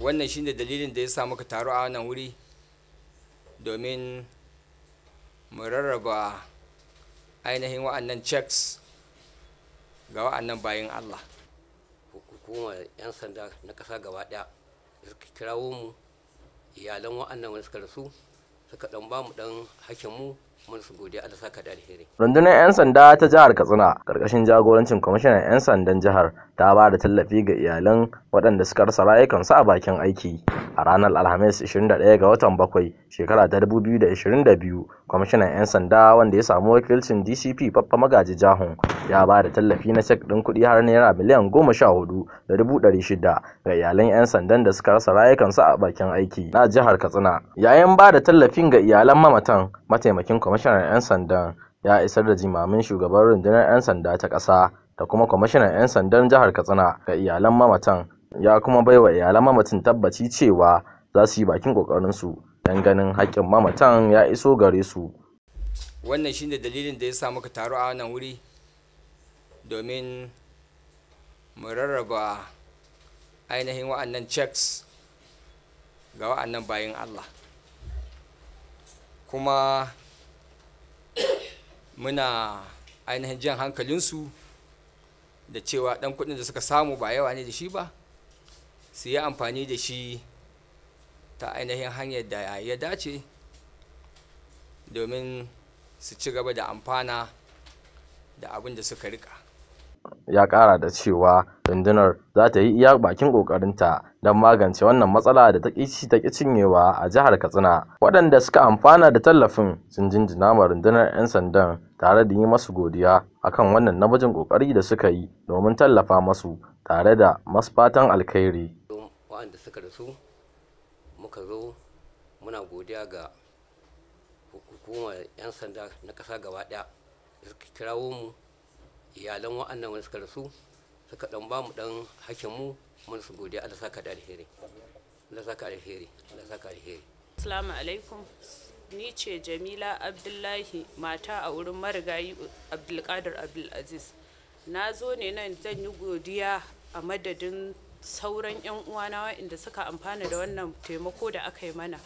wannan shine dalilin da ya sa muka taru a wannan wuri domin mu rarraba ainihin wa'annan checks ga wa'annan bayan Allah hukumar 'yan sanda na ƙasa gaba ɗaya suka kirawo mu iyalan wa'annan wani suka rasu suka dan ba mu dan hakin mu mun su godiya Allah saka da alheri rundunar yan sanda ta jihar Katsina karkashin jagorancin kwamishinan yan sandan jihar ta ba da tallafi ga iyalan waɗanda suka rasa rayukansu a bakin aiki ranar alhamis 21 ga watan bakwai shekara ta 2022 kwamishinan 'yan sanda wanda ya samu wakilcin dcp babba magaji jahun ya ba da tallafi na cek ɗin kuɗi har naira miliyan hudu da shida ga iyalan 'yan sandan da suka rasa rayukansu a bakin aiki na jihar katsina yayin ba da tallafin ga iyalan mamatan mataimakin kwamishinan 'yan sandan ya isar da jimamin shugaban rundunar 'yan sanda ta ƙasa da kuma kwamishinan 'yan sandan jihar katsina ga iyalan mamatan ya kuma baiwa iyalan mamatin tabbaci cewa za su yi bakin su dan ganin haƙƙin mamatan ya iso gare su wannan shine dalilin da ya sa muka taru a wannan wuri domin mu rarraba ainihin wa'annan checks ga wa'annan bayan Allah kuma muna ainihin jan hankalinsu da cewa ɗan kuɗin da suka samu ba yawa ne da shi ba su yi amfani da shi ta ainihin hanyar da ya dace domin su ci gaba da amfana da abin da suka rika ya kara da cewa rundunar za ta yi iya bakin kokarinta don magance wannan matsala da ta kici ta cinyewa a jihar katsina waɗanda suka amfana da tallafin sun jinjina ma rundunar 'yan sandan tare da yi masu godiya akan wannan namijin kokari da suka yi domin tallafa masu tare da masu fatan alkhairi waɗanda suka rasu muka zo muna godiya ga hukumar 'yan sanda na ƙasa gaba ɗaya suka kirawo mu iyalan wa'annan wani suka rasu suka ɗan ba mu ɗan mu mun su godiya Allah saka da alheri Allah saka alheri Allah saka alheri Assalamu alaikum ni ce Jamila Abdullahi mata a wurin marigayi Abdulkadir Abdulaziz na zo ne nan zan yi godiya a madadin sauran 'yan uwana waɗanda suka amfana da wannan taimako da aka yi mana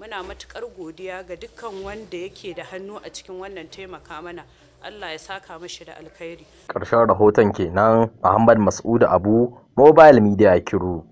muna matukar godiya ga dukkan wanda yake da hannu a cikin wannan taimaka mana Allah ya saka mashi da alkhairi ƙarshen rahoton kenan Muhammad Mas'udu Abu Mobile Media Kiru